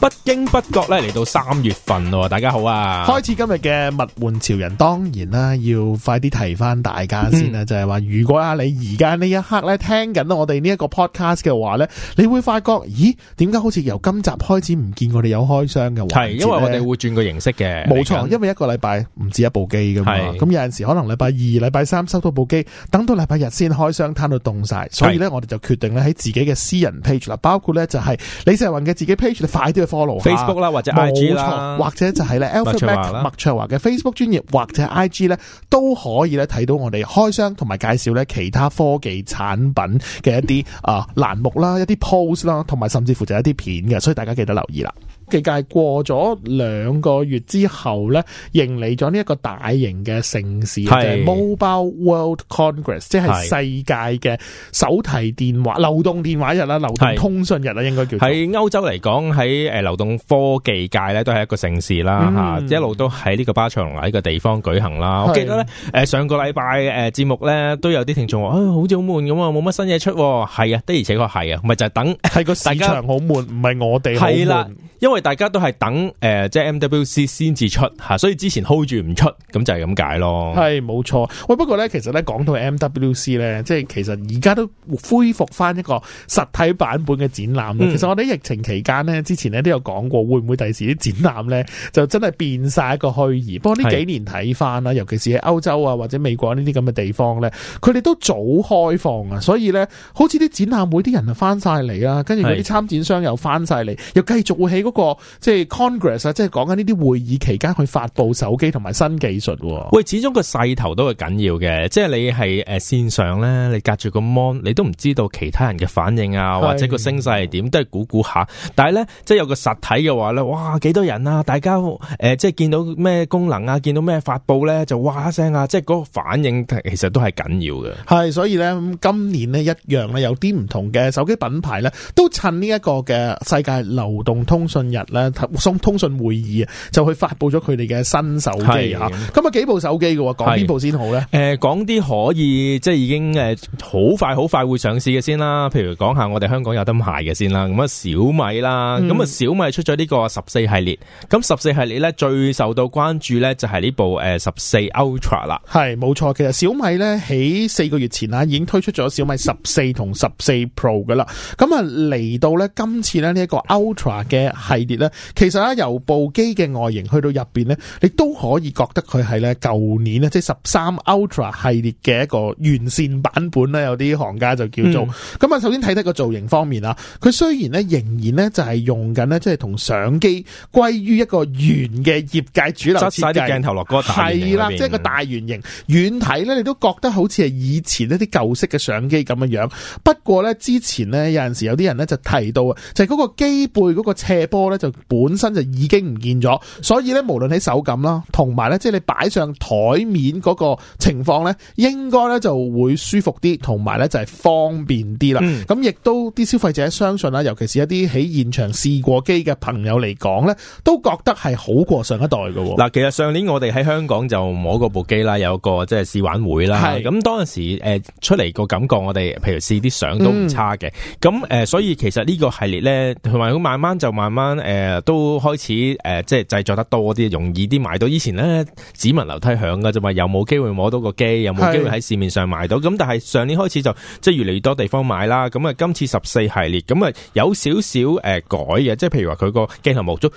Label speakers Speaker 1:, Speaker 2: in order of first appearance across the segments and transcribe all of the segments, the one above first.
Speaker 1: 不
Speaker 2: 經不覺咧嚟到三月份喎，大家好啊！開
Speaker 1: 始今日嘅物玩潮人，當然啦，要快啲提返大家先啦，嗯、就係話如果啊你而家呢一刻咧聽緊我哋呢一個 podcast 嘅話呢，你會發覺咦？點解好似由今集開始唔見我哋有開箱嘅？係是者因為我哋會轉個形式嘅，冇錯，因為一個禮拜唔止一部機㗎嘛，咁是有陣時可能禮拜二、禮拜三收到部機，等到禮拜日先開箱攤到凍晒，所以呢，我哋就決定喺自己嘅私人 page 啦，包括呢就係李世雲嘅自己 page 快啲 follow Facebook 啦，或者 IG 啦，或者就係咧 Albert Mac 麥卓華嘅 Facebook 專頁或者 IG 咧都可以咧睇到我哋開箱同埋介紹咧其他科技產品嘅一啲啊欄目啦，一啲 post 啦，同埋甚至乎就一啲片嘅，所以大家記得留意啦。科技界過咗兩個月之後咧，迎嚟咗呢一個大型嘅盛事，就係 Mobile World Congress，即係世界嘅手提電話、流動電話日啦，流動通訊日啦，應該叫喺
Speaker 2: 歐洲嚟講，喺誒流動科技界咧，都係一個盛事啦嚇，一路都喺呢個巴塞隆納呢個地方舉行啦。我記得咧，誒上個禮拜誒節目咧都有啲聽眾話，誒好似好悶咁啊，冇乜新嘢出，係啊，的而且確係啊，咪就係等係個市場
Speaker 1: 好悶，唔係我哋好悶，
Speaker 2: 係啦，因為，大家都係等誒、呃，即係 MWC 先至出吓，所以之前 hold 住唔出，咁就係咁解咯。
Speaker 1: 係冇錯，喂不過咧，其實咧講到 MWC 咧，即係其實而家都恢復翻一個實體版本嘅展覽。嗯、其實我哋疫情期間呢，之前咧都有講過，會唔會第時啲展覽咧就真係變晒一個虛擬？不過呢幾年睇翻啦，是的 尤其是喺歐洲啊或者美國呢啲咁嘅地方咧，佢哋都早開放啊，所以咧好似啲展覽會啲人啊翻晒嚟啦，跟住嗰啲參展商又翻晒嚟，又繼續會喺嗰個。即係 Congress 啊，即係講緊呢啲會議期間去發布手機同埋新技術。
Speaker 2: 喂，始終個勢頭都係緊要嘅。即係你係誒、呃、線上咧，你隔住個 mon，你都唔知道其他人嘅反應啊，是或者個聲勢係點，都係估估下。但係咧，即係有個實體嘅話咧，哇，幾多人啊！大家誒、呃，即係見到咩功能啊，見到咩發布咧，就哇聲啊！即係嗰個反應其實都係緊要嘅。
Speaker 1: 係，所以咧，今年呢一樣咧，有啲唔同嘅手機品牌咧，都趁呢一個嘅世界流動通訊啦，通通訊會議啊，就去發布咗佢哋嘅新手機吓。咁是啊幾部手機嘅喎，講邊部先好咧？
Speaker 2: 誒、呃，講啲可以即係已經誒好快好快會上市嘅先啦。譬如講下我哋香港有得賣嘅先啦。咁啊小米啦，咁啊、嗯、小米出咗呢個十四系列。咁十四系列咧，最受到關注咧就係呢部誒十四 Ultra 啦。
Speaker 1: 係冇錯嘅，其實小米咧喺四個月前啦已經推出咗小米十四同十四 Pro 嘅啦。咁啊嚟到咧今次咧呢一個 Ultra 嘅係。其實咧由部機嘅外形去到入邊咧，你都可以覺得佢係咧舊年咧，即係十三 Ultra 系列嘅一個完善版本咧。有啲行家就叫做咁啊。嗯、首先睇睇個造型方面啦，佢雖然咧仍然咧就係用緊咧，即係同相機歸於一個圓嘅業界主流設計，鏡頭落大係啦，即係、就是、個大圓形遠睇咧，你都覺得好似係以前一啲舊式嘅相機咁嘅樣。不過呢，之前呢，有陣時有啲人呢就提到啊，就係、是、嗰個機背嗰個斜坡。咧就本身就已經唔見咗，所以咧無論喺手感啦，同埋咧即係你擺上台面嗰個情況咧，應該咧就會舒服啲，同埋咧就係方便啲啦。咁亦、嗯、都啲消費者相信啦，尤其是一啲喺現場試過機嘅朋友嚟講咧，都覺得係好過上一代噶。嗱，
Speaker 2: 其實上年我哋喺香港就摸過部機啦，有個即係試玩會啦。係咁是，當陣時誒出嚟個感覺，我哋譬如試啲相都唔差嘅。咁誒、嗯，所以其實呢個系列咧，同埋佢慢慢就慢慢。誒、呃，都開始誒、呃，即係製作得多啲，容易啲買到。以前咧，只聞樓梯響噶啫嘛，有冇機會摸到個機，有冇機會喺市面上買到？咁是但係上年開始就即係越嚟越多地方買啦。咁啊，今次十四系列咁啊，有少少誒、呃、改嘅，即係譬如話佢個鏡頭模組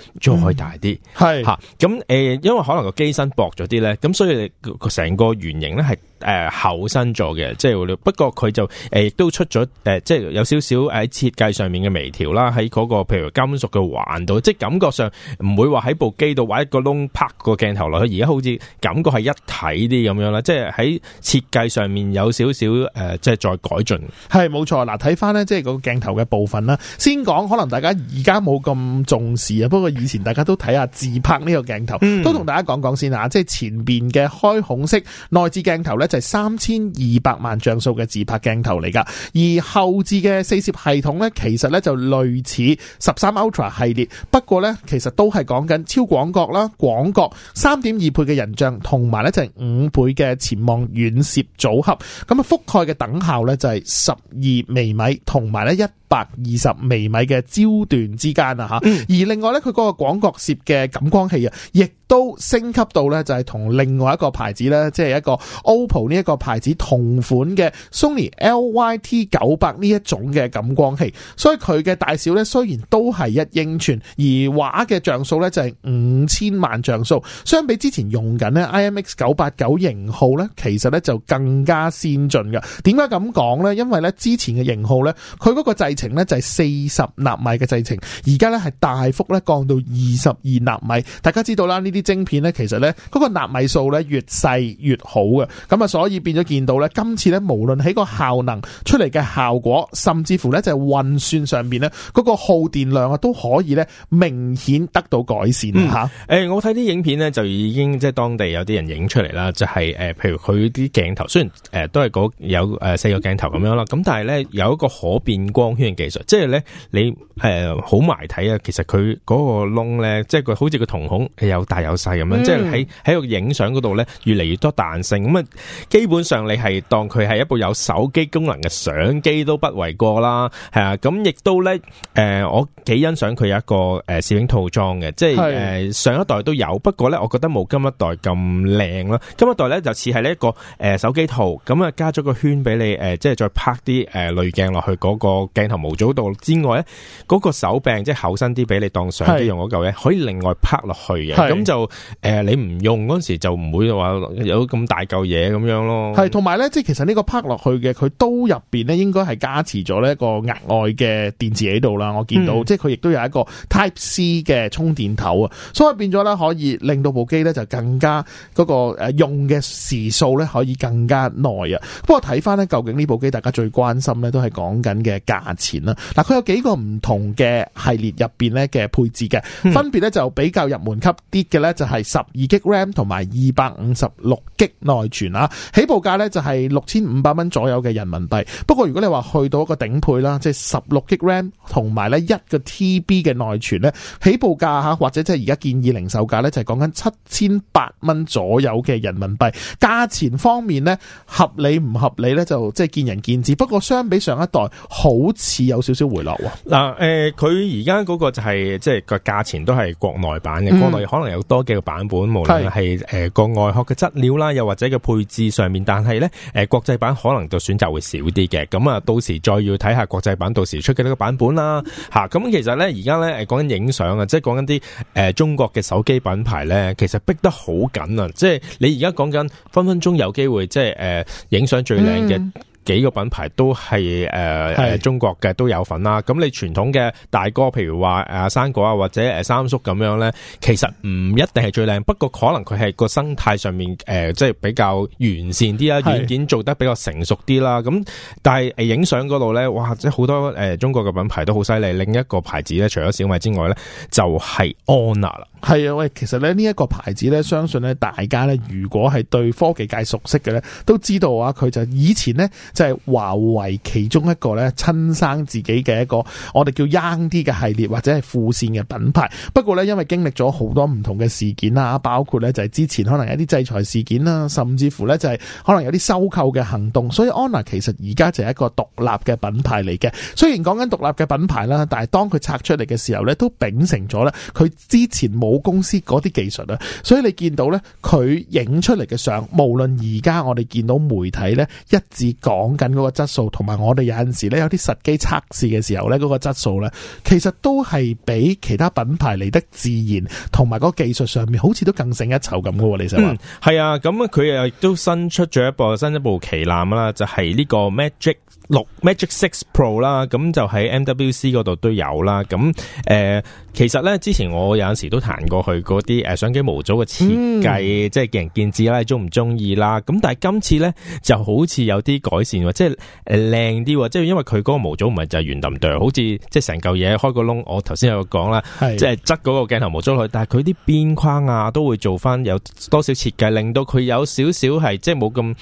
Speaker 2: 再大啲，係吓、嗯。咁誒、啊呃，因為可能個機身薄咗啲咧，咁所以成個圓形咧係。誒、呃，厚身咗嘅，即係不過佢就誒，亦、呃、都出咗誒、呃，即係有少少喺設計上面嘅微調啦，喺嗰、那個譬如金屬嘅環度，即係感覺上唔會話喺部機度挖一個窿拍個鏡頭落去，而家好似感覺係一體啲咁樣啦，即係喺設計上面有少
Speaker 1: 少誒、呃，即係再改進。係冇錯，嗱睇翻呢，即係個鏡頭嘅部分啦。先講，可能大家而家冇咁重視啊，不過以前大家都睇下自拍呢個鏡頭，嗯、都同大家講講先啊。即係前邊嘅開孔式內置鏡頭咧。就係三千二百萬像素嘅自拍鏡頭嚟噶，而後置嘅四攝系統呢，其實呢就類似十三 Ultra 系列，不過呢，其實都係講緊超廣角啦、廣角三點二倍嘅人像，同埋呢就係五倍嘅潛望遠攝組合，咁啊覆蓋嘅等效呢，就係十二微米，同埋呢一。百二十微米嘅焦段之間啊吓，而另外咧佢個廣角攝嘅感光器啊，亦都升級到咧就係同另外一個牌子咧，即係一個 OPPO 呢一個牌子同款嘅 Sony LYT 九百呢一種嘅感光器，所以佢嘅大小咧雖然都係一英寸，而畫嘅像素咧就係五千萬像素，相比之前用緊咧 IMX 九八九型號咧，其實咧就更加先進嘅。點解咁講咧？因為咧之前嘅型號咧，佢個制。程咧就係四十納米嘅製程，而家咧係大幅咧降到二十二納米。大家知道啦，呢啲晶片咧其實咧嗰個納米數咧越細越好嘅，咁啊所以變咗見到咧今次咧無論喺個效能出嚟嘅效果，甚至乎咧就係運算上邊咧嗰個耗電量啊都可以咧明顯得到改善吓，誒、
Speaker 2: 嗯欸，我睇啲影片咧就已經即係當地有啲人影出嚟啦，就係、是、誒、呃，譬如佢啲鏡頭雖然誒、呃、都係、嗰個、有誒、呃、四個鏡頭咁樣啦，咁但係咧有一個可變光圈。技術即係咧，你誒好埋睇啊！其實佢嗰個窿咧，即係佢好似個瞳孔，有大有細咁樣。嗯、即係喺喺個影相嗰度咧，越嚟越多彈性。咁啊，基本上你係當佢係一部有手機功能嘅相機都不為過啦。係啊，咁亦都咧，誒、呃，我幾欣賞佢有一個誒攝影套裝嘅，即係誒是、呃、上一代都有，不過咧，我覺得冇今一代咁靚咯。今一代咧就似係呢一個誒、呃、手機套，咁啊加咗個圈俾你，誒、呃，即係再拍啲誒濾鏡落去嗰個鏡頭。無咗度之外咧，嗰、那個手柄即係厚身啲，俾你當相機用嗰嚿咧，是可以另外拍落去嘅。咁是就誒、呃，你唔用嗰陣時就唔會話有咁大嚿嘢咁樣咯。係，
Speaker 1: 同埋咧，即係其實呢個拍落去嘅，佢都入邊咧，應該係加持咗咧一個額外嘅電池喺度啦。我見到，嗯、即係佢亦都有一個 Type C 嘅充電頭啊，所以變咗咧可以令到部機咧就更加嗰個誒用嘅時數咧可以更加耐啊。不過睇翻咧，究竟呢部機大家最關心咧都係講緊嘅價錢。嗱，佢有幾個唔同嘅系列入邊咧嘅配置嘅，分別咧就比較入門級啲嘅咧，就係十二 G RAM 同埋二百五十六 G 內存啊，起步價咧就係六千五百蚊左右嘅人民幣。不過如果你話去到一個頂配啦，即係十六 G RAM 同埋咧一個 TB 嘅內存咧，起步價吓或者即係而家建議零售價咧就係講緊七千八蚊左右嘅人民幣。價錢方面咧合理唔合理咧就即係見仁見智。不過相比上一代好似。似有少少回落喎、
Speaker 2: 啊嗯。嗱、呃，誒佢而家嗰個就係、是、即係個價錢都係國內版嘅，國內可能有多幾個版本，嗯、無論係誒個外殼嘅質料啦，又或者嘅配置上面，但係咧誒國際版可能就選擇會少啲嘅。咁啊，到時再要睇下國際版到時出嘅呢個版本啦。吓、嗯，咁、啊、其實咧而家咧誒講緊影相啊，即係講緊啲誒中國嘅手機品牌咧，其實逼得好緊啊！即係你而家講緊分分鐘有機會，即係誒影相最靚嘅、嗯。幾個品牌都係誒、呃呃、中國嘅都有份啦。咁是的 你傳統嘅大哥，譬如話生果啊，或者誒、啊、三叔咁樣呢，其實唔一定係最靚。不過可能佢係個生態上面誒、呃，即係比較完善啲啊，軟件做得比較成熟啲啦。咁是的 但係影相嗰度呢，哇！即好多誒、呃、中國嘅品牌都好犀利。另一個牌
Speaker 1: 子呢，除咗小米之外呢，就係 Honor 啦。係啊，喂，其實呢呢一、這個牌子呢，相信呢大家呢，如果係對科技界熟悉嘅呢，都知道啊，佢就以前呢。即係華為其中一個咧，親生自己嘅一個，我哋叫 young 啲嘅系列，或者係副線嘅品牌。不過呢，因為經歷咗好多唔同嘅事件啦，包括呢就係之前可能有啲制裁事件啦，甚至乎呢就係可能有啲收購嘅行動。所以，Honor 其實而家就係一個獨立嘅品牌嚟嘅。雖然講緊獨立嘅品牌啦，但係當佢拆出嚟嘅時候呢，都秉承咗呢佢之前冇公司嗰啲技術啦。所以你見到呢，佢影出嚟嘅相，無論而家我哋見到媒體呢，一致講。講緊嗰個質素，同埋我哋有陣時咧有啲實機測試嘅時候咧，嗰、那個質素咧，其實都係比其他品牌嚟得自然，同埋個技術上面好似都更勝一籌咁噶喎。你想話？嗯，
Speaker 2: 係啊，咁佢又都新出咗一部新一部旗艦啦，就係、是、呢個 Magic。六 Magic Six Pro 啦，咁就喺 MWC 嗰度都有啦。咁誒，其實咧之前我有陣時都彈過去嗰啲誒相機模組嘅設計，嗯、即係見仁見智啦，中唔中意啦。咁但係今次咧就好似有啲改善，即係誒靚啲，即係因為佢嗰個模組唔係就係圓揼哚，好似即係成嚿嘢開個窿。我頭先有講啦，是的 即係側嗰個鏡頭模組去，但係佢啲邊框啊都會做翻有多少設計，令到佢有少少係即係冇咁。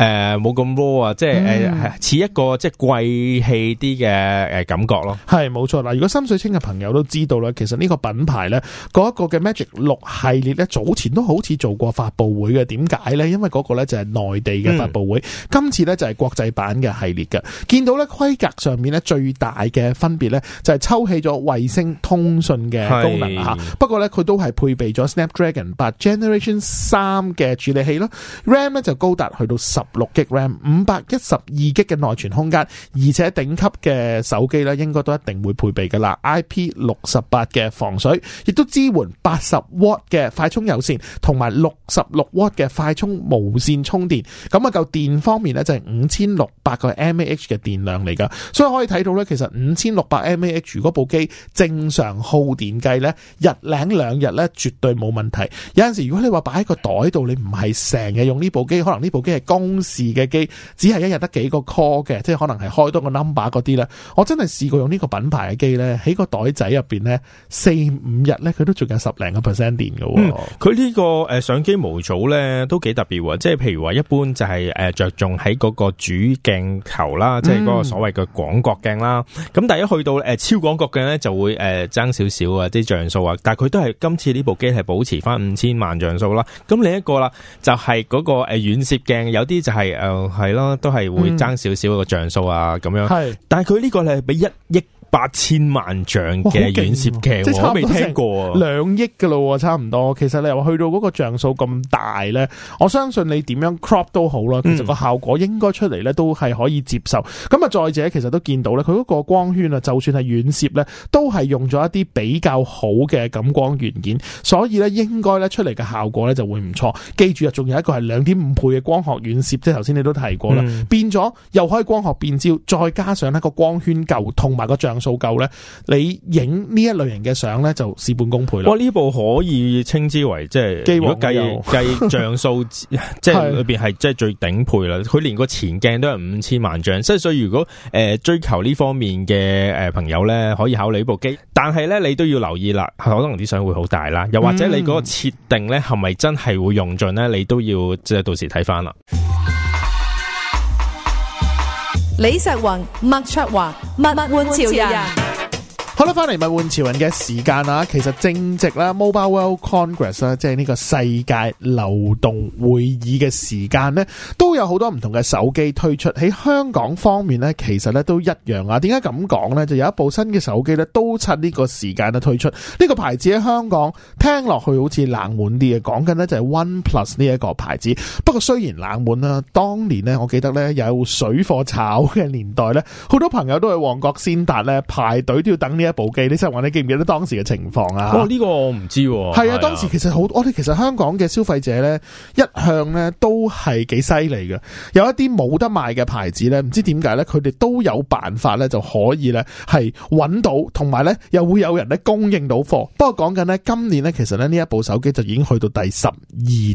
Speaker 2: 誒，冇咁 warm 啊，即係誒
Speaker 1: 似一個即係貴氣啲嘅誒感覺咯。係冇錯啦，如果深水清嘅朋友都知道啦，其實呢個品牌咧，嗰、那、一個嘅 Magic 六系列咧，早前都好似做過發布會嘅。點解咧？因為嗰個咧就係內地嘅發布會，嗯、今次咧就係國際版嘅系列嘅。見到咧規格上面咧最大嘅分別咧，就係抽起咗衛星通訊嘅功能吓。是不過咧佢都係配備咗 Snapdragon 八 Generation 三嘅處理器咯，RAM 咧就高達去到十。六 GB RAM，五百一十二 GB 嘅內存空間，而且頂級嘅手機咧，應該都一定會配備噶啦。IP 六十八嘅防水，亦都支援八十瓦嘅快充有線，同埋六十六瓦嘅快充無線充電。咁啊，夠電方面咧，就係五千六百個 mAh 嘅電量嚟噶。所以可以睇到咧，其實五千六百 mAh 嗰部機正常耗電計咧，日領兩日咧絕對冇問題。有陣時如果你話擺喺個袋度，你唔係成日用呢部機，可能呢部機係公。市嘅機只係一日得幾個 call 嘅，即係可能係開多個 number 嗰啲啦。我真係試過用呢個品牌嘅機咧，喺個袋仔入邊咧，四五日咧佢都仲有十零個 percent 電嘅、哦。嗯，佢呢個
Speaker 2: 誒相機模組咧都幾特別，即係譬如話一般就係誒着重喺嗰個主鏡頭啦，即係嗰個所謂嘅廣角鏡啦。咁但係一去到誒超廣角鏡咧就會誒爭少少啊，即係像素啊，但係佢都係今次呢部機係保持翻五千萬像素啦。咁另一個啦就係嗰個誒遠攝鏡，有啲就係誒，係咯、啊啊，都係會爭少少個像素啊，咁、嗯、樣。係是，但係佢呢個咧，係俾一億。八千萬像嘅遠攝鏡，我都未聽過。
Speaker 1: 兩億喇咯，差唔多,多。其實你話去到嗰個像素咁大呢，我相信你點樣 crop 都好啦。其實個效果應該出嚟呢，都係可以接受。咁啊，再者其實都見到呢，佢嗰個光圈啊，就算係遠攝呢，都係用咗一啲比較好嘅感光元件，所以呢，應該呢出嚟嘅效果呢，就會唔錯。記住啊，仲有一個係兩點五倍嘅光學遠攝，即係頭先你都提過啦，嗯、變咗又可以光學變焦，再加上一個光圈夠，同埋個像。數夠咧，你影呢一類型嘅相咧就事半功倍啦。哇，
Speaker 2: 呢部可以稱之為即係，如果計計像數，數 即係裏邊係即係最頂配啦。佢連個前鏡都係五千萬像，所以如果誒、呃、追求呢方面嘅誒朋友咧，可以考慮呢部機。但係咧，你都要留意啦，可能啲相會好大啦，又或者你嗰個設定咧係咪真係會用盡咧，嗯、你都要即係到時睇翻啦。
Speaker 1: 李石宏，麥卓華，物、玩、潮、人。好啦，翻嚟咪換潮人嘅時間啦。其實正值啦 Mobile World Congress 啦，即係呢個世界流動會議嘅時間咧，都有好多唔同嘅手機推出。喺香港方面咧，其實咧都一樣啊。點解咁講咧？就有一部新嘅手機咧，都趁呢個時間咧推出。呢個牌子喺香港聽落去好似冷門啲嘅，講緊咧就係 One Plus 呢一個牌子。不過雖然冷門啦，當年咧我記得咧有水貨炒嘅年代咧，好多朋友都去旺角先達咧排隊都要等呢一部機，你真係話，你記唔記得當時嘅情況？哦，這個，啊？哦，呢個我唔知。係啊，啊，當時其實好，我哋其實香港嘅消費者呢，一向呢都係幾犀利嘅。有一啲冇得賣嘅牌子呢，唔知點解呢，佢哋都有辦法呢就可以呢係揾到，同埋呢又會有人呢供應到貨。不過講緊呢，今年呢其實呢呢一部手機就已經去到第十二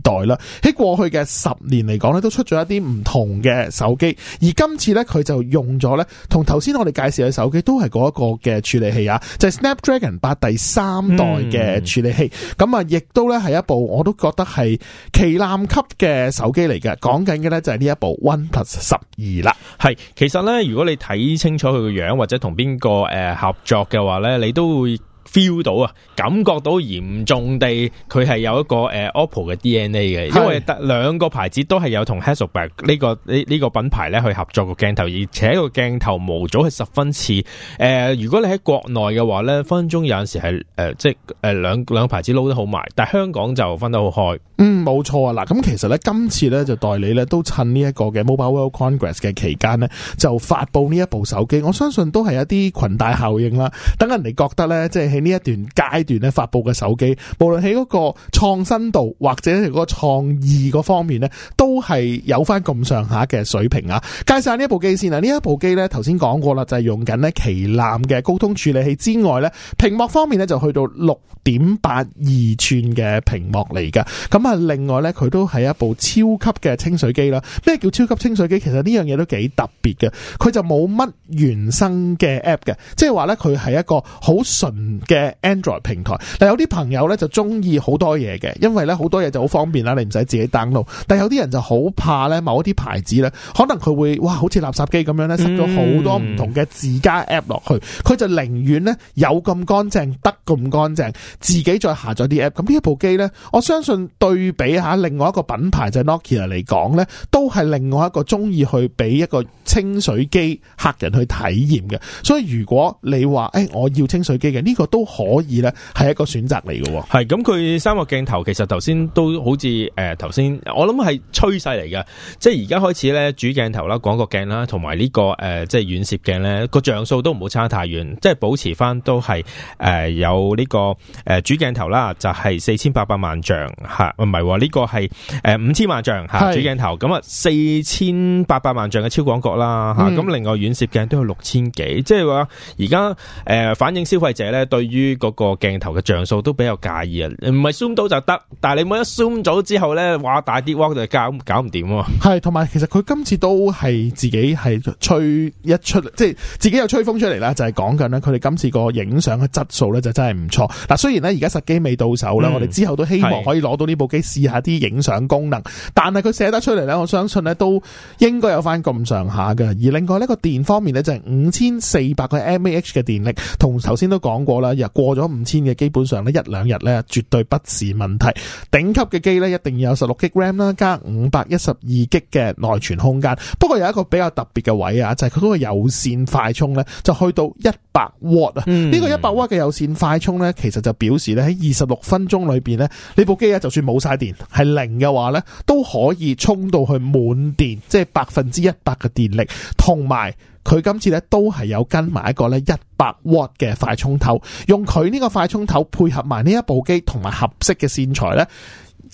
Speaker 1: 代啦。喺過去嘅十年嚟講呢，都出咗一啲唔同嘅手機，而今次呢，佢就用咗呢同頭先我哋介紹嘅手機都係嗰一個嘅處理器。就係 Snapdragon 八第三代嘅處理器，咁啊，亦都咧係一部我都覺得係旗艦級嘅手機嚟嘅。講緊嘅咧就係呢一部 OnePlus 十二啦。
Speaker 2: 係，其實咧如果你睇清楚佢個樣或者同邊個誒合作嘅話咧，你都會 feel 到啊，感覺到嚴重地，佢係有一個誒 OPPO 嘅 DNA 嘅，uh, 的因為得兩個牌子都係有同 Hasselblad 呢個呢呢個品牌咧，這個這個，去合作個鏡頭，而且個鏡頭模組係十分似。誒、呃，如果你喺國內嘅話咧，分分鐘有陣時係誒、呃，即係兩、呃、兩個牌子撈得好埋，但係香港就分得好開。
Speaker 1: 嗯冇錯啊！嗱，咁其實呢，今次呢，就代理呢，都趁呢一個嘅 Mobile World Congress 嘅期間呢，就發佈呢一部手機。我相信都係一啲群帶效應啦。等人哋覺得呢，即係喺呢一段階段呢，發佈嘅手機，無論喺嗰個創新度或者係嗰個創意嗰方面呢，都係有翻咁上下嘅水平啊！介紹下呢一,一部機先啦，呢一部機呢，頭先講過啦，就係、是、用緊呢旗艦嘅高通處理器之外呢，屏幕方面呢，就去到六點八二寸嘅屏幕嚟㗎。咁啊，另外咧，佢都係一部超級嘅清水機啦。咩叫超級清水機？其實呢樣嘢都幾特別嘅。佢就冇乜原生嘅 app 嘅，即係話呢佢係一個好純嘅 Android 平台。但有啲朋友呢就中意好多嘢嘅，因為呢好多嘢就好方便啦，你唔使自己 download。但有啲人就好怕呢某一啲牌子呢可能佢會哇，好似垃圾機咁樣呢塞咗好多唔同嘅自家 app 落去。佢、嗯、就寧願呢有咁乾淨，得咁乾淨，自己再下載啲 app。咁呢一部機呢，我相信對比。俾下另外一個品牌就係、Nokia、ok、嚟講咧，都係另外一個中意去俾一個清水機客人去體驗嘅。所以如果你話誒我要清水機嘅呢個都可以咧，係一個選擇嚟嘅。
Speaker 2: 係咁，佢三個鏡頭其實頭先都好似誒頭先我諗係趨勢嚟嘅，即係而家開始咧主鏡頭啦、廣角鏡啦，同埋呢個誒即係遠攝鏡咧個像素都唔好差太遠，即係保持返都係誒、呃、有呢個誒主鏡頭啦，就係四千八百萬像吓，唔、啊、係。呢個係誒五千萬像吓主鏡頭，咁啊四千八百萬像嘅超廣角啦吓，咁另外遠攝鏡都有六千幾，即係話而家誒反映消費者咧對於嗰個鏡頭嘅像素都比較介意啊，唔係 zoom 到就得，但係你每一 zoom 咗之後咧，話大啲鑊就搞搞唔掂啊，
Speaker 1: 係，同埋其實佢今次都係自己係吹一出嚟，即係自己有吹風出嚟啦，就係講緊咧，佢哋今次個影相嘅質素咧就真係唔錯，嗱雖然咧而家實機未到手啦，嗯、我哋之後都希望可以攞到呢部機試。一下啲影相功能，但係佢寫得出嚟咧，我相信咧都應該有翻咁上下嘅。而另外呢個電方面咧，就係五千四百個 mAh 嘅電力，同頭先都講過啦，又過咗五千嘅，基本上咧一兩日咧絕對不是問題。頂級嘅機咧一定要有十六 G RAM 啦，加五百一十二 G 嘅內存空間。不過有一個比較特別嘅位啊，就係佢嗰個有線快充咧，就去到一百瓦啊！呢個一百瓦嘅有線快充咧，其實就表示咧喺二十六分鐘裏邊咧，呢部機啊就算冇晒電。係零嘅話呢，都可以充到去滿電，即係百分之一百嘅電力。同埋，佢今次呢，都係有跟埋一個呢一百 watt 嘅快充頭，用佢呢個快充頭配合埋呢一部機同埋合適嘅線材呢，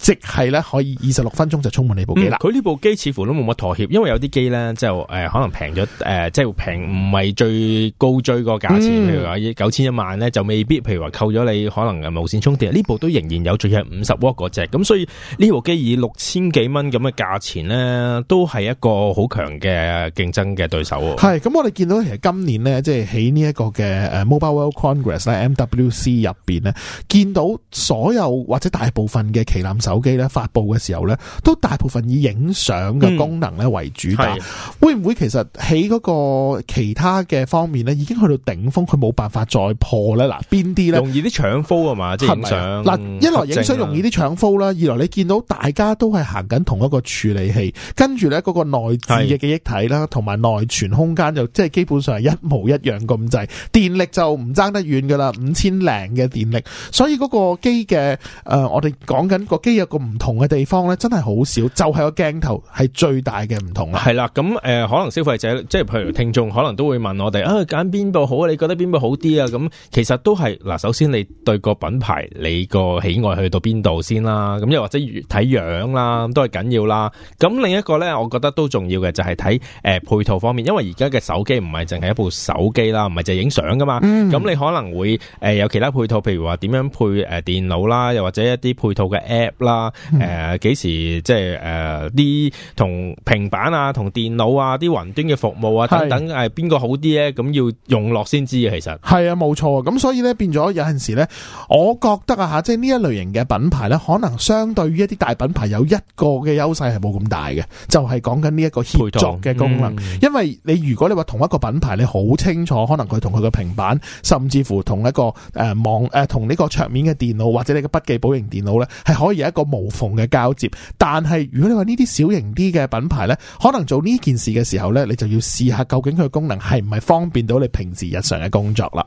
Speaker 1: 即係咧，可以二十六分鐘就充滿你部機啦、嗯。
Speaker 2: 佢呢部機似乎都冇乜妥協，因為有啲機咧就誒可能平咗誒，即係平唔係最高追個價錢，嗯、譬如話九千一萬咧就未必。譬如話扣咗你可能嘅無線充電呢部都仍然有最約五十瓦嗰隻。咁所以，部以6，呢部機以六千幾蚊咁嘅價錢咧，都係一個好強嘅競爭嘅對手。
Speaker 1: 係咁，我哋見到其實今年咧，即係喺呢一個嘅 Mobile World Congress 咧 （MWC） 入邊咧，見到所有或者大部分嘅旗艦手。手機咧，發佈嘅時候咧，都大部分以影相嘅功能咧為主，但、嗯、會唔會其實喺嗰個其他嘅方面咧，已經去到頂峰，佢冇辦法再破咧？嗱，
Speaker 2: 邊啲咧？容易啲搶 f o 啊嘛，即係嗱，照正一來影相容易
Speaker 1: 啲搶 f 啦，二來你見到大家都係行緊同一個處理器，跟住咧嗰個內置嘅記憶體啦，同埋內存空間的就即係基本上係一模一樣咁滯，電力就唔爭得遠噶啦，五千零嘅電力，所以嗰個機嘅誒，我哋講緊個機。呢一個唔同嘅地方咧，真係好少，就係個鏡頭係最大嘅唔同
Speaker 2: 啦。係啦，咁誒，可能消費者即係譬如聽眾，可能都會問我哋啊，揀邊部好啊？你覺得邊部好啲啊？咁其實都係嗱，首先你對個品牌你個喜愛去到邊度先啦。咁又或者睇樣啦，都係緊要啦。咁另一個咧，我覺得都重要嘅就係睇誒配套方面，因為而家嘅手機唔係淨係一部手機啦，唔係淨係影相噶嘛。咁你可能會誒有其他配套，譬如話點樣配誒電腦啦，又或者一啲配套嘅 app，啦，誒幾、嗯呃、時即係誒啲同平板啊、同電腦啊、啲雲端嘅服務啊等等誒，邊個係好啲咧？咁要用落先知啊，
Speaker 1: 其實係啊，冇錯啊。咁所以咧，變咗有陣時咧，我覺得啊吓即係呢一類型嘅品牌咧，可能相對於一啲大品牌有一個嘅優勢係冇咁大嘅，就係講緊呢一個協作嘅功能。嗯、因為你如果你話同一個品牌，你好清楚，可能佢同佢嘅平板，甚至乎同一個誒網誒同呢個桌面嘅電腦或者你嘅筆記簿型電腦咧，係可以有一。一個無縫嘅交接，但係如果你話呢啲小型啲嘅品牌呢，可能做呢件事嘅時候呢，你就要試下究竟佢嘅功能係唔係方便到你平時日常嘅工作啦。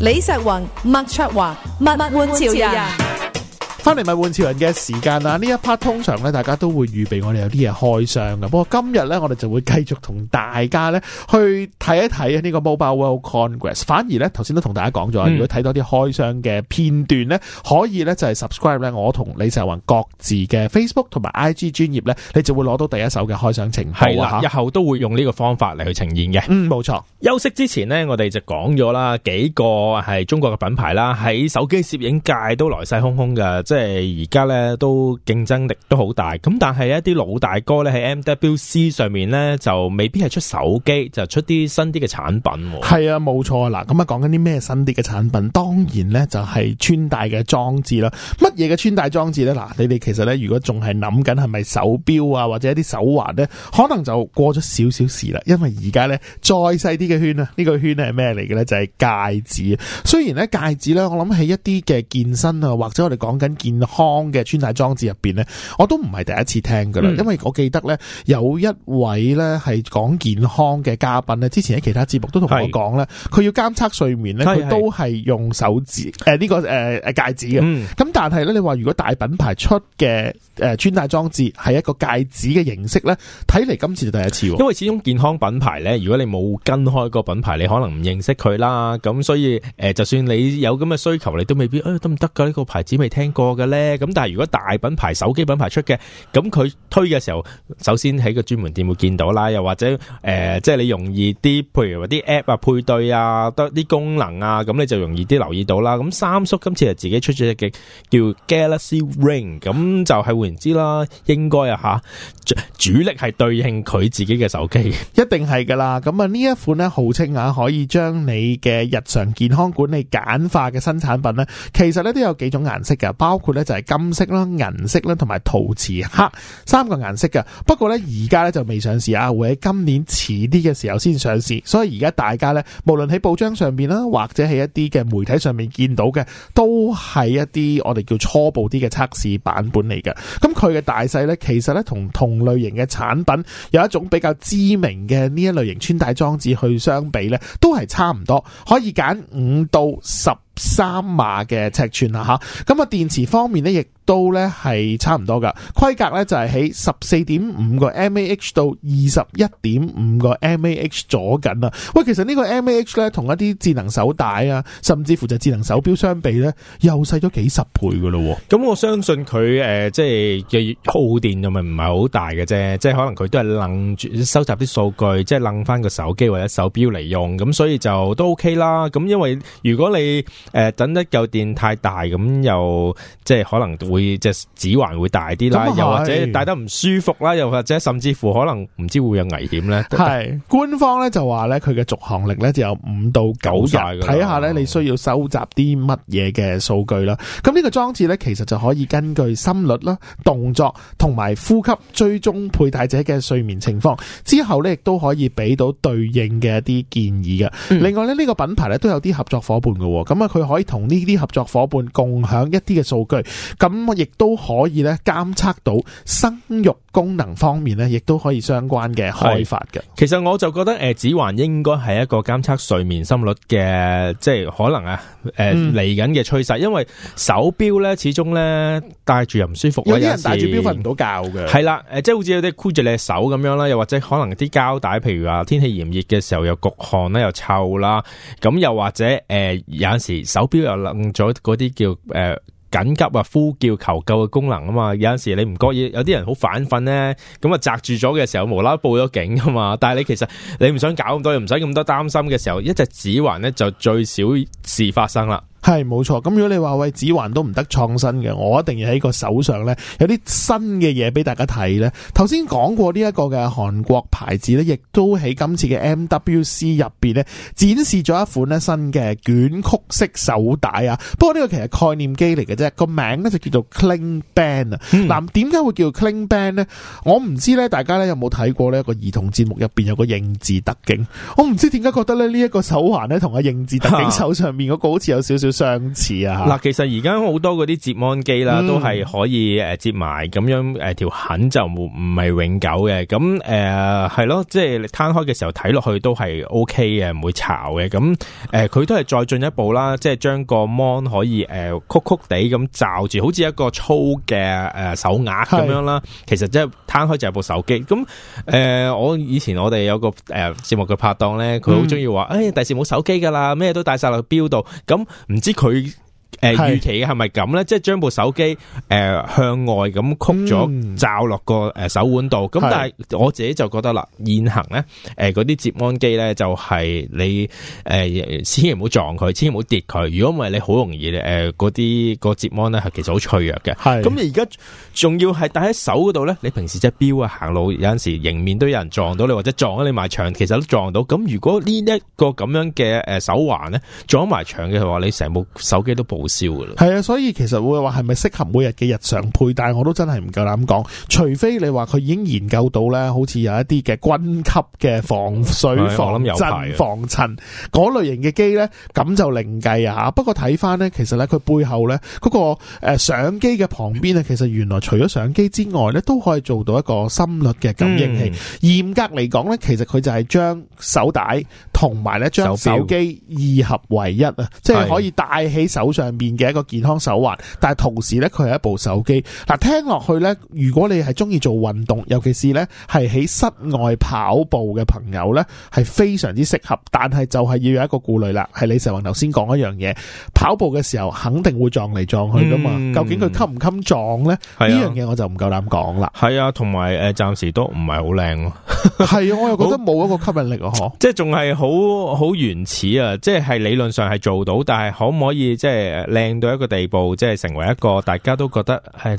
Speaker 1: 李石雲、麥卓華、物玩潮人。翻嚟，咪換潮人嘅時間啦！呢一 part 通常咧，大家都會預備我哋有啲嘢開箱嘅。不過今日咧，我哋就會繼續同大家咧去睇一睇呢個 Mobile World Congress 反而咧，頭先都同大家講咗，如果睇多啲開箱嘅片段咧，嗯、可以咧就係 subscribe 咧我同李世云各自嘅 Facebook 同埋 IG 專頁咧，你就會攞到第一手嘅開箱情報啦。日
Speaker 2: 後都會用呢個方法嚟去呈現嘅。嗯，冇錯。休息之前呢，我哋就講咗啦，幾個係中國嘅品牌啦，喺手機攝影界都來勢洶洶嘅。即係而家咧都競爭力都好大，咁但係一啲老大哥咧喺 MWC 上面咧就未必係出手機，就出啲新啲嘅產品。
Speaker 1: 係啊，冇錯啦。咁啊，講緊啲咩新啲嘅產品？當然咧就係、是、穿戴嘅裝置啦。乜嘢嘅穿戴裝置咧？嗱，你哋其實咧如果仲係諗緊係咪手錶啊，或者一啲手環咧，可能就過咗少少時啦。因為而家咧再細啲嘅圈啊，呢、這個圈係咩嚟嘅咧？就係、是、戒指。雖然咧戒指咧，我諗起一啲嘅健身啊，或者我哋講緊。健康嘅穿戴裝置入邊咧，我都唔係第一次聽噶啦，嗯、因為我記得咧有一位咧係講健康嘅嘉賓咧，之前喺其他節目都同我講咧，佢是 要監測睡眠咧，佢是是 都係用手指誒呢、呃這個誒誒、呃、戒指嘅，咁、嗯、但係咧你話如果大品牌出嘅誒穿戴裝置係一個戒指嘅形式咧，睇嚟今次就第一次，因為
Speaker 2: 始終健康品牌咧，如果你冇跟開個品牌，你可能唔認識佢啦，咁所以誒、呃、就算你有咁嘅需求，你都未必誒得唔得噶？呢、哎這個牌子未聽過。個嘅咧，咁但係如果大品牌手機品牌出嘅，咁佢推嘅時候，首先喺個專門店會見到啦，又或者誒，即係你容易啲，譬如話啲 app 啊配對啊，多啲功能啊，咁你就容易啲留意到啦。咁三叔今次係自己出咗隻嘅叫 Galaxy Ring，咁就係換言之啦，應該啊吓主力係對應佢自己嘅手機，
Speaker 1: 一定係噶啦。咁啊呢一款咧號稱啊可以將你嘅日常健康管理簡化嘅新產品咧，其實咧都有幾種顏色嘅，包。包括咧就係金色啦、銀色啦同埋陶瓷黑三個顏色嘅。不過呢而家呢就未上市啊，會喺今年遲啲嘅時候先上市。所以而家大家呢無論喺報章上面啦，或者喺一啲嘅媒體上面見到嘅，都係一啲我哋叫初步啲嘅測試版本嚟嘅。咁佢嘅大細呢其實呢同同類型嘅產品有一種比較知名嘅呢一類型穿戴裝置去相比呢都係差唔多，可以揀五到十。三碼嘅尺寸啦，吓咁啊，電池方面咧，亦。都咧係差唔多噶，規格咧就係喺十四點五個 mAh 到二十一點五個 mAh 左右啊喂，其實呢個 mAh 咧，同一啲智能手帶啊，甚至乎就智能手表相比咧，又細咗幾十倍噶咯。咁我相信佢誒、呃，即係嘅耗電又咪唔係好大嘅啫。即係可
Speaker 2: 能佢都係楞住收集啲數據，即係楞翻個手機或者手表嚟用，咁所以就都 OK 啦。咁因為如果你誒、呃、等得舊電太大，咁又即係可能會。指環會大啲啦，又或者戴得唔舒服啦，又或者甚至乎可能唔知會有危險呢。係
Speaker 1: 官方咧就話咧，佢嘅續航力咧就有五到九日。睇了下咧，你需要收集啲乜嘢嘅數據啦。咁呢個裝置咧，其實就可以根據心率啦、動作同埋呼吸追蹤佩戴者嘅睡眠情況，之後咧亦都可以俾到對應嘅一啲建議嘅。嗯、另外咧，呢個品牌咧都有啲合作伙伴嘅，咁啊，佢可以同呢啲合作伙伴共享一啲嘅數據，咁。咁我亦都可以咧監測到生育功能方面咧，亦都可以相關嘅開發嘅。
Speaker 2: 其實我就覺得誒，呃、指環應該係一個監測睡眠心率嘅，即係可能啊，誒嚟緊嘅趨勢。因為手錶咧，始終咧戴住又唔舒服，有陣時戴住錶瞓唔到覺嘅。係啦，誒、呃，即係好似有啲箍住你手咁樣啦，又或者可能啲膠帶，譬如話天氣炎熱嘅時候又焗汗啦，又臭啦。咁又或者誒、呃，有陣時手錶又冷咗，嗰啲叫誒。緊急啊！呼叫求救嘅功能啊嘛，有陣時你唔覺意，有啲人好反瞓咧，咁啊擳住咗嘅時候，無啦啦報咗警啊嘛，但係你其實你唔想搞咁多嘢，唔使咁多擔心嘅時候，一隻指環咧就最少事發生啦。
Speaker 1: 係冇錯，咁如果你話，喂，指環都唔得創新嘅，我一定要喺個手上呢，有啲新嘅嘢俾大家睇呢，頭先講過呢一個嘅韓國牌子呢，亦都喺今次嘅 MWC 入邊呢，展示咗一款呢新嘅捲曲式手帶啊。不過呢個其實概念機嚟嘅啫，個名呢就叫做 Cling Band 啊、嗯。嗱，點解會叫做 Cling Band 呢？我唔知呢大家呢有冇睇過呢一個兒童節目入邊有個認字特警？我唔知點解覺得呢呢一個手環呢，同阿認字特警手上面嗰個好似有少少。相似啊！嗱，
Speaker 2: 其實而家好多嗰啲折芒機啦，嗯、都係可以誒折埋咁樣誒條痕就唔唔係永久嘅。咁誒係咯，即係攤開嘅時候睇落去都係 O K 嘅，唔會巢嘅。咁誒，佢、呃、都係再進一步啦，即係將個芒可以誒、呃、曲曲地咁罩住，好似一個粗嘅誒、呃、手鐲咁樣啦。是其實即、就、係、是。攤開就係部手機，咁誒、呃，我以前我哋有個誒節目嘅拍檔咧，佢好中意話，誒第時冇手機㗎啦，咩都帶晒落去表度，咁唔知佢。誒，預、呃、期嘅係咪咁咧？是即係將部手機誒、呃、向外咁曲咗，嗯、罩落個誒手腕度。咁是但係我自己就覺得啦，現行咧，誒嗰啲摺芒機咧就係、是、你誒、呃，千祈唔好撞佢，千祈唔好跌佢。如果唔係，你好容易誒嗰啲個摺芒咧係其實好脆弱嘅。咁你是而家仲要係戴喺手嗰度咧？你平時隻錶啊行路有陣時迎面都有人撞到你，或者撞喺你埋牆，其實都撞到。咁如果這這呢一個咁樣嘅誒手環咧，撞埋牆嘅話，你成部手機都好
Speaker 1: 係啊，所以其實會話係咪適合每日嘅日常佩戴，我都真係唔夠膽講。除非你話佢已經研究到像防防防呢，好似有一啲嘅軍級嘅防水、防震、防塵嗰類型嘅機呢，咁就另計啊吓。不過睇翻，呢，其實呢，佢背後呢嗰個誒相機嘅旁邊呢，其實原來除咗相機之外呢，都可以做到一個心率嘅感應器。嚴、嗯、格嚟講呢，其實佢就係將手帶。同埋咧，將手機二合為一啊，即係可以戴喺手上面嘅一個健康手環，但係同時咧，佢係一部手機。嗱，聽落去咧，如果你係中意做運動，尤其是咧係喺室外跑步嘅朋友咧，係非常之適合。但係就係要有一個顧慮啦，係李石云頭先講一樣嘢，跑步嘅時候肯定會撞嚟撞去噶嘛。究竟佢襟唔襟撞咧？呢樣嘢我就唔夠膽講啦。係
Speaker 2: 啊，同埋誒，暫時都唔係好靚
Speaker 1: 咯。係啊，我又覺得冇一個吸引力啊，即
Speaker 2: 係仲係好。好好原始啊，即係理論上係做到，但係可唔可以，即係靚到一個地步，即係成為一個大家都覺得係。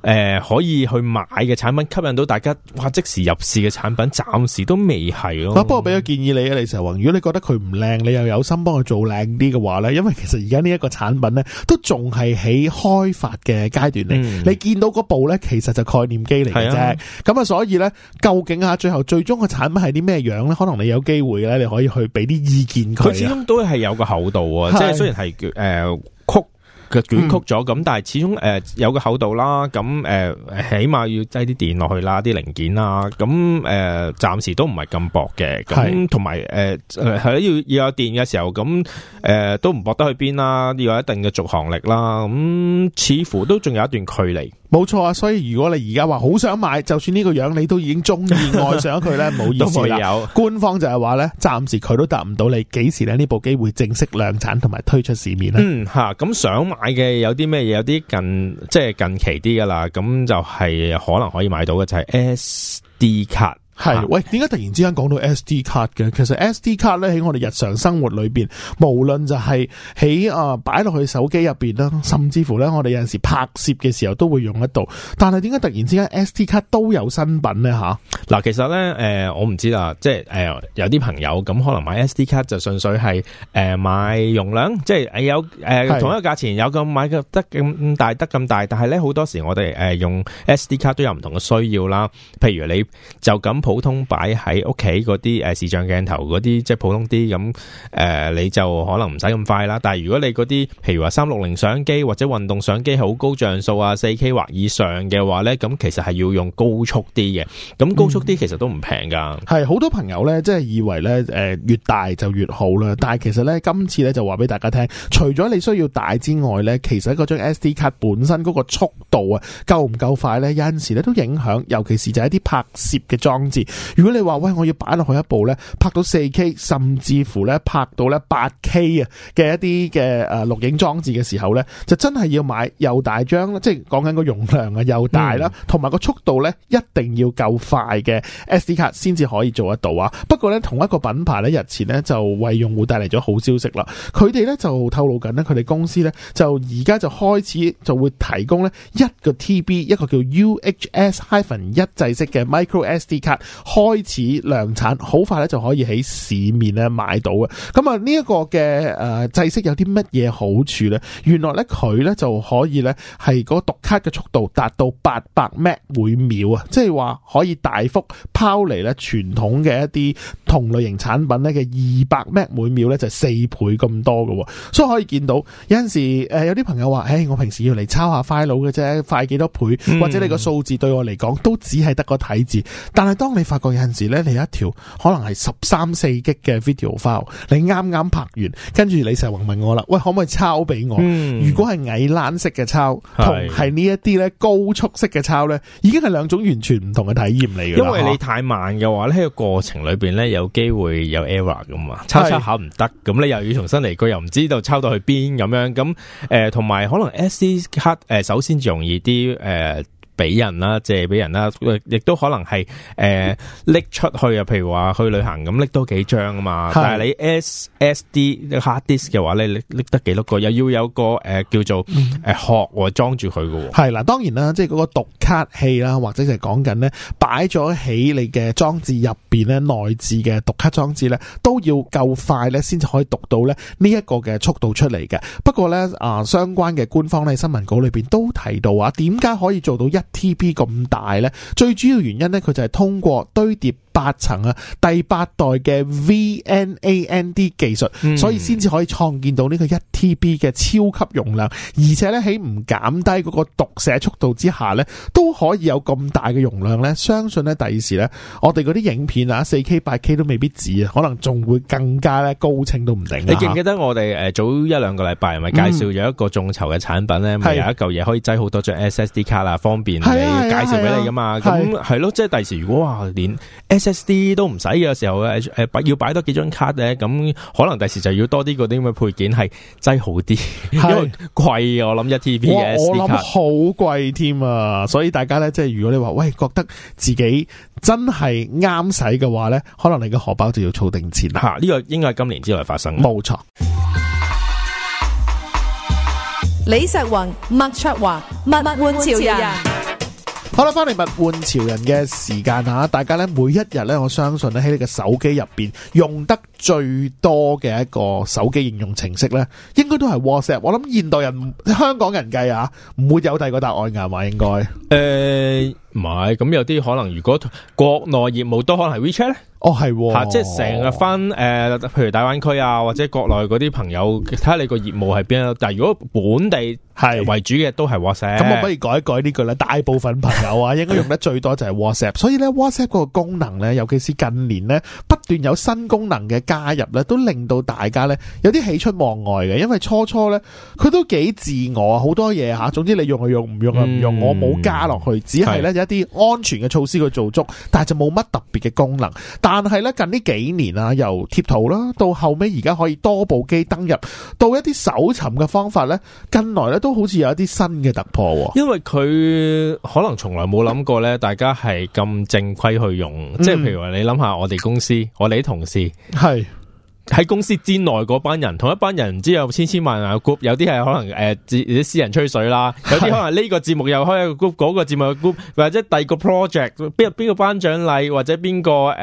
Speaker 2: 誒、呃，可以去買嘅產品吸引到大家，哇！即時入市嘅產品暫時都未係咯。
Speaker 1: 不過俾個建議你啊，李時宏，如果你覺得佢唔靚，你又有心幫佢做靚啲嘅話咧，因為其實而家呢一個產品咧，都仲係喺開發嘅階段嚟。嗯、你見到嗰部咧，其實就概念機嚟嘅啫。咁啊，所以咧，究竟啊，最後最終嘅產品係啲咩樣咧？可能你有機會咧，你可以去俾啲意見佢，啊。佢始終
Speaker 2: 都係有個厚度啊，即係是雖然係叫誒。呃佢捲曲咗，咁但係始終，誒、呃，有個厚度啦，咁，誒、呃，起碼要擠啲電落去啦，啲零件啦，咁，誒、呃，暫時都唔係咁薄嘅，咁，同埋是，誒，係、呃、要要有電嘅時候，咁，誒，都唔薄得去邊啦，要有一定嘅續航力啦，咁，似乎都仲有一段距離。
Speaker 1: 冇錯啊，所以如果你而家話好想買，就算呢個樣你都已經中意、愛上佢呢，冇 意思是有，官方就係話呢，暫時佢都答唔到你，幾時呢部機會正式量產同埋推出市面呢？
Speaker 2: 嗯吓，咁、嗯、想買嘅有啲咩嘢？有啲近即係近期啲噶啦，咁就係可能可以買到嘅就係 SD
Speaker 1: 卡。係喂，點解突然之間講到 SD 卡嘅？其實 SD 卡咧喺我哋日常生活裏邊，無論就係喺啊擺落去手機入邊啦，甚至乎咧我哋有陣時拍攝嘅時候都會用得到。但係點解突然之間 SD 卡都有新品咧？吓
Speaker 2: 嗱，其實咧誒、呃，我唔知啦，即係誒、呃、有啲朋友咁可能買 SD 卡就純粹係誒、呃、買容量，即係誒有誒、呃、是的 同一個價錢有咁買得咁大得咁大，但係咧好多時我哋誒、呃、用 SD 卡都有唔同嘅需要啦。譬如你就咁。普通擺喺屋企嗰啲誒視像鏡頭嗰啲，即係普通啲咁誒，你就可能唔使咁快啦。但係如果你嗰啲，譬如話三六零相機或者運動相機好高像素啊，四 K 或以上嘅話呢，咁其實係要用高速啲嘅。咁高速啲其實都唔平㗎。係。嗯、
Speaker 1: 好多朋友呢，即係以為呢誒越大就越好啦。但係其實呢，今次呢就話俾大家聽，除咗你需要大之外呢，其實嗰張 SD 卡本身嗰個速度啊，夠唔夠快呢？有陣時呢都影響，尤其是就係一啲拍攝嘅裝置。如果你話，喂，我要擺落去一部呢拍到四 K 甚至乎呢拍到呢八 K 啊嘅一啲嘅誒錄影裝置嘅時候呢，就真係要買又大張，即係講緊個容量啊又大啦，同埋個速度呢一定要夠快嘅 SD 卡先至可以做得到啊。不過呢，同一個品牌呢日前呢就為用戶帶嚟咗好消息啦，佢哋呢就透露緊呢佢哋公司呢就而家就開始就會提供呢一個 TB 一個叫 UHS-I 制式嘅 microSD 卡。開始量產，好快咧就可以喺市面咧買到嘅。咁啊，呢一個嘅誒制式有啲乜嘢好處呢？原來呢佢呢就可以呢係個讀卡嘅速度達到八百 Mbps 每秒啊，即係話可以大幅拋離咧傳統嘅一啲同類型產品呢嘅二百 Mbps 每秒呢就四倍咁多嘅。所以可以見到有陣時誒有啲朋友話：誒、欸，我平時要嚟抄下 file 嘅啫，快幾多倍？嗯、或者你個數字對我嚟講都只係得個睇字。但係當當你發覺有陣時咧，你有一條可能係十三四 G 嘅 video file，你啱啱拍完，跟住你就問問我啦，喂，可唔可以抄俾我？嗯、如果係矮攣式嘅抄，同係呢一啲咧高速式嘅抄咧，已經係兩種完全唔同嘅體驗嚟嘅。因為你
Speaker 2: 太慢嘅話咧，喺個過程裏邊咧，有機會有 error 咁啊，抄抄下唔得，咁是 你又要重新嚟過，又唔知道抄到去邊咁樣。咁、呃、誒，同埋可能 SD 卡誒、呃，首先容易啲誒。呃俾人啦，借俾人啦，亦都可能係誒拎出去啊，譬如話去旅行咁拎多幾張啊嘛。的但係你 S S D hard disk 嘅話咧，你拎拎得幾多個？又要有個誒、呃、叫做誒、呃、殼或裝住佢嘅喎。
Speaker 1: 係啦，當然啦，即係嗰個讀卡器啦，或者就係講緊咧，擺咗喺你嘅裝置入邊咧內置嘅讀卡裝置咧，都要夠快咧先至可以讀到咧呢一個嘅速度出嚟嘅。不過咧啊、呃，相關嘅官方咧新聞稿裏邊都提到啊，點解可以做到一？T.P. 咁大咧，最主要原因咧，佢就係通過堆疊。八層啊，第八代嘅 V N A N D 技術，所以先至可以創建到呢個一 T B 嘅超級容量，而且咧喺唔減低嗰個讀寫速度之下咧，都可以有咁大嘅容量咧。相信咧，第二時咧，我哋嗰啲影片啊，四 K 八 K 都未必止啊，可能仲會更加咧高清都唔定。你記唔記
Speaker 2: 得我哋誒早一兩個禮拜係咪介紹咗一個眾籌嘅產品咧，咪有一嚿嘢可以擠好多張 S S D 卡啦，方便你介紹俾你噶嘛？咁係咯，即係第二時如果話連 S S D 都唔使嘅時候咧，誒，要擺多幾張卡咧，咁可能第時就要多啲嗰啲咁嘅配件係擠好啲，是因為貴啊！我諗一 TB 嘅 SD 卡
Speaker 1: 好貴添啊！所以大家咧，即係如果你話喂覺得自己真係啱使嘅話咧，可能你嘅荷包就要儲定錢吓，呢、啊這個應
Speaker 2: 該係今年之內發
Speaker 1: 生沒錯。冇錯。李石云、麥卓華、麥麥換潮人。好啦，翻嚟《物玩潮人》嘅時間吓，大家咧，每一日咧，我相信咧喺你嘅手機入邊用得最多嘅一個手機應用程式呢，應該都係 WhatsApp。我諗現代人、香港人計啊，唔會有第二個答案㗎，應該
Speaker 2: 誒唔係。咁有啲可能，如果國內業務都可能係 WeChat 呢，哦係喎，即係成日返誒，譬如大灣區啊，或者國內嗰啲朋友，睇下你個業務係邊咯。但係如果本地係為主嘅，都係 WhatsApp。咁我不如
Speaker 1: 改一改呢句啦。大部分朋友啊，應該用得最多就係 WhatsApp。所以呢，WhatsApp 嗰個功能呢，尤其是近年呢，不斷有新功能嘅。加入咧，都令到大家咧有啲喜出望外嘅。因為初初咧佢都幾自我，好多嘢吓。總之你用佢用唔用啊唔用，我冇加落去，只係咧有一啲安全嘅措施去做足，但係就冇乜特別嘅功能。但係咧近呢幾年啊，由貼圖啦，到後尾而家可以多部機登入，到一啲搜尋嘅方法咧，近來咧都好似有一啲新嘅突破。
Speaker 2: 因為佢可能從來冇諗過咧，大家係咁正規去用，即係譬如話你諗下我哋公司，我哋啲同事係。喺公司之內班人，同一班人唔知有千千萬萬個 group，有啲係可能誒，啲、呃、私人吹水啦，有啲可能呢個節目又開一個 group，嗰是的 個節目嘅 group，或者第二個 project，邊個邊個頒獎禮，或者
Speaker 1: 邊個誒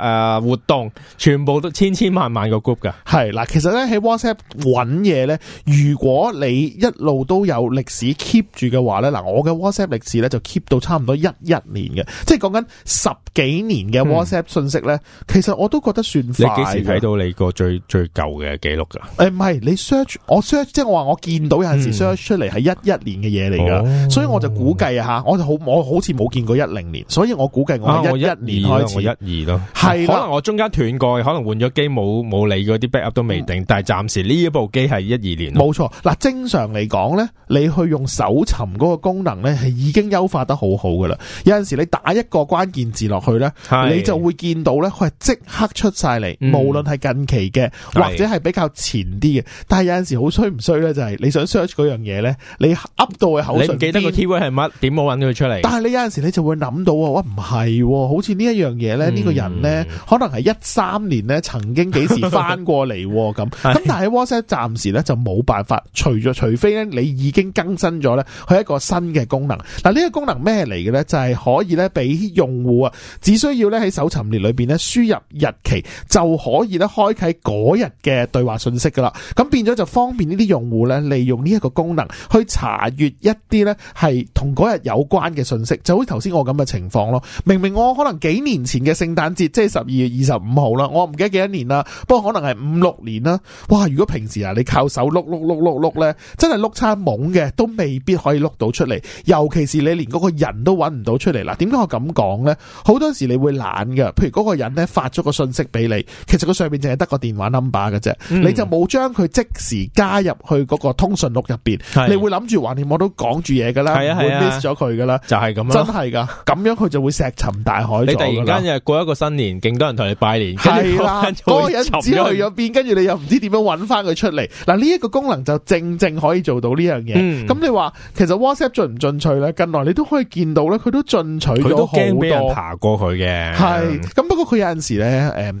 Speaker 1: 誒活動，全部都千千萬萬個 group 噶。係，嗱，其實咧喺 WhatsApp 搵嘢咧，如果你一路都有歷史 keep 住嘅話咧，嗱，我嘅 WhatsApp 歷史咧就 keep 到差唔多一一年嘅，即係講緊十幾年嘅 WhatsApp 信息咧，嗯、其實我都覺得算快。你幾時睇
Speaker 2: 到你個？最最舊嘅記錄
Speaker 1: 噶，誒唔係你 search，我 search，即係我話我見到有陣時 search 出嚟係一一年嘅嘢嚟噶，嗯哦、所以我就估計吓，我就好我好似冇見過一零年，所以我估計我一一年開始、啊、一
Speaker 2: 二咯，係的、啊、可能我中間斷過，可能換咗機冇冇理嗰啲 backup 都未定，嗯、但係
Speaker 1: 暫時呢一部機係一二年，冇錯。嗱，正常嚟講咧，你去用搜尋嗰個功能咧，係已經優化得好好噶啦。有陣時你打一個關鍵字落去咧，是你就會見到咧，佢係即刻出晒嚟，嗯、無論係近期。嘅，或者係比較前啲嘅，但係有陣時好衰唔衰咧？就係、是、你想 search 嗰樣嘢咧，你 up 到嘅口唇，你唔記得個 TV
Speaker 2: 係乜？點我搵佢出嚟？但
Speaker 1: 係你有陣時你就會諗到，哇唔係、哦，好似呢一樣嘢咧，呢、嗯、個人咧，可能係一三年咧曾經幾時翻過嚟咁。咁 但係喺 WhatsApp 暫時咧就冇辦法，除咗除非咧你已經更新咗咧，佢一個新嘅功能。嗱、這、呢個功能咩嚟嘅咧？就係、是、可以咧俾用戶啊，只需要咧喺搜尋列裏邊咧輸入日期就可以咧開。喺嗰日嘅對話信息噶啦，咁變咗就方便呢啲用戶咧，利用呢一個功能去查閱一啲咧係同嗰日有關嘅信息，就好似頭先我咁嘅情況咯。明明我可能幾年前嘅聖誕節，即係十二月二十五號啦，我唔記得幾多年啦，不過可能係五六年啦。哇！如果平時啊，你靠手碌碌碌碌碌咧，真係碌差懵嘅，都未必可以碌到出嚟。尤其是你連嗰個人都揾唔到出嚟啦。點解我咁講呢？好多時你會懶噶，譬如嗰個人咧發咗個信息俾你，其實個上面淨係得，個電話 number 嘅啫，你就冇將佢即時加入去嗰個通訊錄入邊，你會諗住橫掂我都講住嘢噶啦，會 miss 咗佢噶啦，就係咁樣。真係噶，咁樣佢就會石沉大海。你突然間
Speaker 2: 又過一個新年，勁多人同你拜年，係啊，個人知去咗
Speaker 1: 邊，跟住你又唔知點樣揾翻佢出嚟。嗱，呢一個功能就正正可以做到呢樣嘢。咁你話其實 WhatsApp 進唔進取咧，近來你都可以見到咧，佢都進取咗好多，佢都驚俾人爬
Speaker 2: 過佢嘅。係，
Speaker 1: 咁不過佢有陣時咧，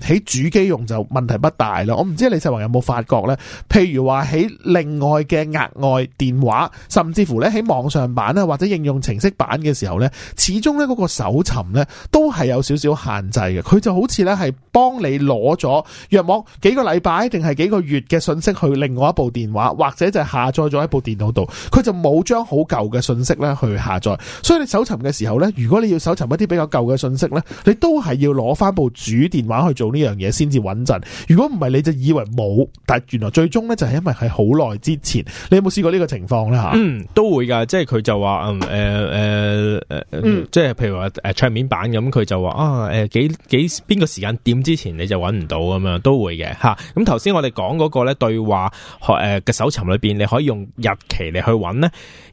Speaker 1: 誒，喺主機用就問題不大啦，我唔知李世宏有冇發覺呢？譬如話喺另外嘅額外電話，甚至乎呢喺網上版啊，或者應用程式版嘅時候呢，始終呢嗰個搜尋呢都係有少少限制嘅。佢就好似呢係幫你攞咗約莫幾個禮拜定係幾個月嘅信息去另外一部電話，或者就係下載咗喺部電腦度，佢就冇將好舊嘅信息呢去下載。所以你搜尋嘅時候呢，如果你要搜尋一啲比較舊嘅信息呢，你都係要攞翻部主電話去做呢樣嘢先至穩陣。如果唔係，不你就以為冇，但係原來最終咧就係因為係好耐之前，你有冇試過呢個情況咧吓？嗯，
Speaker 2: 都會噶，即係佢就話，呃呃呃、嗯，誒，誒，即係譬如話誒桌面版咁，佢就話啊，誒幾幾邊個時間點之前你就揾唔到咁樣，都會嘅吓。咁頭先我哋講嗰個咧對話誒嘅搜尋裏邊，你可以用日期嚟去揾咧。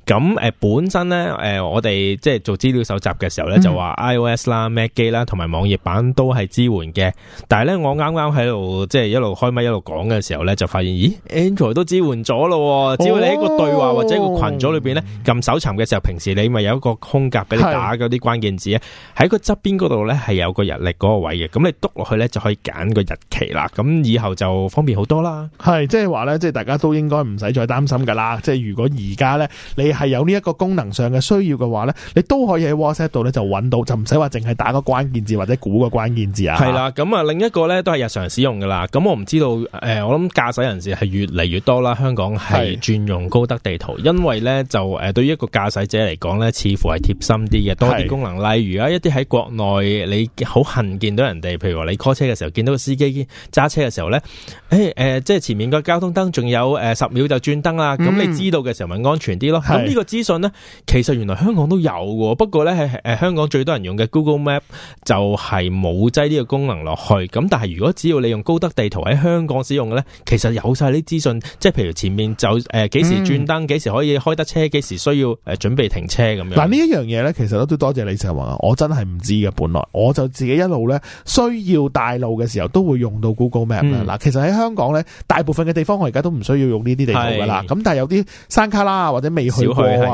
Speaker 2: 咁、呃、本身咧、呃，我哋即係做資料搜集嘅時候咧，嗯、就話 iOS 啦、Mac 機啦，同埋網頁版都係支援嘅。但係咧，我啱啱喺度即係一路開咪一路講嘅時候咧，就發現咦，Android 都支援咗咯。只要你喺個對話或者個群組裏邊咧，撳、哦、搜尋嘅時候，平時你咪有一個空格俾你打嗰啲關鍵字啊，喺是個側邊嗰度咧係有個日曆
Speaker 1: 嗰個位嘅。咁你篤落去咧就可
Speaker 2: 以揀個日期啦。咁以後就方便好多啦。
Speaker 1: 係即係話咧，即係大家都應該唔使再擔心噶啦。即係如果而家咧，你係有呢一個功能上嘅需要嘅話咧，你都可以喺 WhatsApp 度咧就揾到，就唔使話淨係打個關鍵字或者估個關鍵字啊。係啦，
Speaker 2: 咁啊另一個咧都係日常使用噶啦。咁我唔知道誒、呃，我諗駕駛人士係越嚟越多啦。香港係轉用高德地圖，因為咧就誒對於一個駕駛者嚟講咧，似乎係貼心啲嘅多啲功能。例如啊，一啲喺國內你好恨見到人哋，譬如話你 call 車嘅時候見到個司機揸車嘅時候咧、欸呃，即係前面個交通燈仲有誒十、呃、秒就轉燈啦，咁、嗯、你知道嘅時候咪安全啲咯。呢個資訊呢，其實原來香港都有嘅，不過呢，係、呃、香港最多人用嘅 Google Map 就係冇擠呢個功能落去。咁但係如果只要你用高德地圖喺香港使用嘅呢，其實有晒啲資訊，即係譬如前面就誒、呃、幾時轉燈，幾時可以開得車，幾時需要誒、啊、準備停車、嗯、咁樣。嗱呢
Speaker 1: 一樣嘢呢，其實都多謝李成宏，我真係唔知嘅，本來我就自己一路呢，需要帶路嘅時候都會用到 Google Map 喇。嗱，嗯、其實喺香港呢，大部分嘅地方我而家都唔需要用呢啲地圖噶啦。咁是但係有啲山卡啦，或者未去。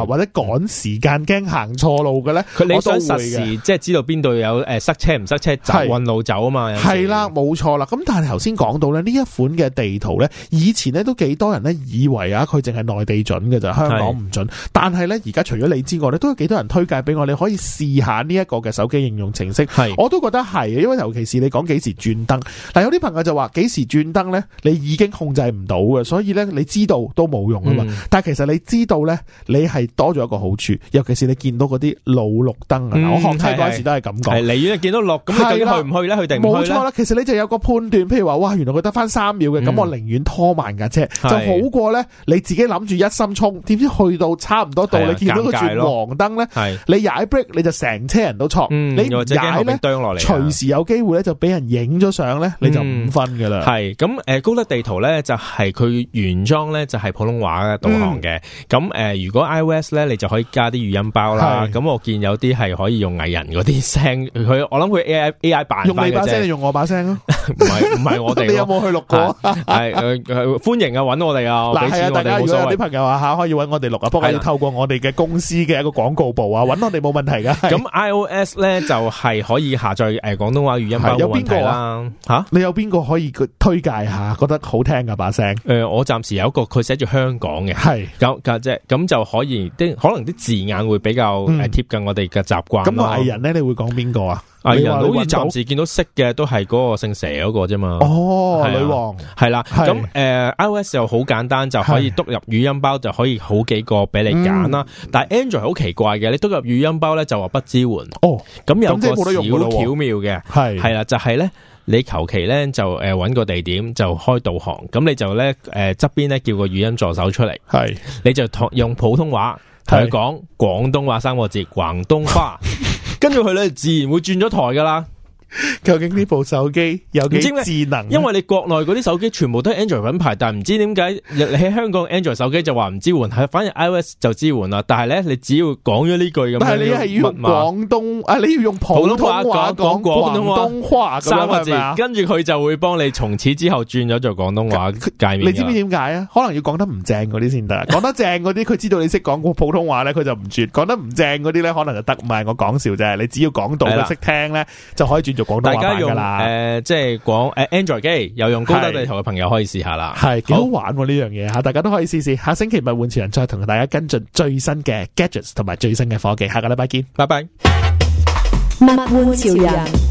Speaker 1: 或者趕時間驚行錯路嘅呢，佢你想實時，我都會
Speaker 2: 嘅，即係知道邊度有誒塞車唔塞車，就是運
Speaker 1: 路走啊嘛，係啦，冇錯啦。咁但係頭先講到呢，呢一款嘅地圖呢，以前呢都幾多人呢以為啊，佢淨係內地準嘅啫，香港唔準。是但係呢，而家除咗你之外呢，都有幾多人推介俾我，你可以試下呢一個嘅手機應用程式。係是，我都覺得係，因為尤其是你講幾時轉燈，但有啲朋友就話幾時轉燈呢，你已經控制唔到嘅，所以呢，你知道都冇用啊嘛。嗯，但係其實你知道呢。你係多咗一個好處，尤其是你見到嗰啲老綠燈啊！我學車嗰陣時都係咁講。你見到綠咁，佢去唔去咧？佢定冇錯啦。其實你就有個判斷，譬如話哇，原來佢得翻三秒嘅，咁我寧願拖慢架車，就好過咧你自己諗住一心衝。點知去到差唔多到，你見到佢轉黃燈咧，你踩 brake 你就成車人都錯。你踩咧，隨時有機會咧就俾人影咗相咧，你就五分㗎啦。係
Speaker 2: 咁，高德地圖咧就係佢原裝咧就係普通話導航嘅。咁如果 iOS 咧，你就可以加啲語音包啦。咁是我見有啲係可以用藝人嗰啲聲，佢我諗佢 AI AI
Speaker 1: 扮用你把聲，你用我把聲咯。 唔係唔係我哋，你有冇去錄過？係誒歡迎啊！搵我哋啊，嗱，大家如果啲朋友話吓，可以搵我哋錄啊，不過要透過我哋嘅公司嘅一個廣告部啊，搵我哋冇問題噶。咁
Speaker 2: iOS 咧就係可以下載誒廣東話語音包有問題啦
Speaker 1: 吓，你有邊個可以佢推介下？覺得好聽噶把聲
Speaker 2: 誒，我暫時有一個佢寫住香港嘅，係咁咁即咁就可以啲可能啲字眼會比較誒貼近我哋嘅習慣。咁藝人
Speaker 1: 咧，你會講邊個啊？啊！人好似暫時
Speaker 2: 見到識嘅都係嗰個姓蛇嗰個啫嘛。哦，
Speaker 1: 女王
Speaker 2: 係啦。咁誒，iOS 又好簡單，就可以督入語音包就可以好幾個俾你揀啦。但 Android 好奇怪嘅，你督入語音包咧就話不支援。哦，咁有個好巧妙嘅係係啦，就係咧你求其咧就誒揾個地點就開導航，咁你就咧誒側邊咧叫個語音助手出嚟，係你就用用普通話同佢講，廣東話三個字，廣東話。跟住佢咧，自然會轉咗台噶啦。
Speaker 1: 究竟呢部手機有幾智
Speaker 2: 能？因為你國內嗰啲手機全部都係 Android 品牌，但係唔知點解你喺香港 Android 手機就話唔支援，喺反而 iOS 就支援啦。但係咧，你只要講咗呢句咁樣，但係你係要廣
Speaker 1: 東，啊，你要用普通話講廣東話三個字，是是跟
Speaker 2: 住佢就會幫你從此之後轉咗做廣東話界面。你知唔知
Speaker 1: 點解啊？可能要講得唔正嗰啲先得，講 得正嗰啲佢知道你識講普通話咧，佢就唔轉。講得唔正嗰啲咧，可能就得。唔係我講笑啫，你只要講到佢識聽咧，的就可以轉的大家用誒、呃，
Speaker 2: 即係講誒，Android 機有用高德地圖嘅朋友可以試下啦，係
Speaker 1: 幾好玩呢樣嘢吓，大家都可以試試。下星期物玩潮人再同大家跟進最新嘅 gadgets 同埋最新嘅科技，下個禮拜見，拜拜 bye。物玩潮人。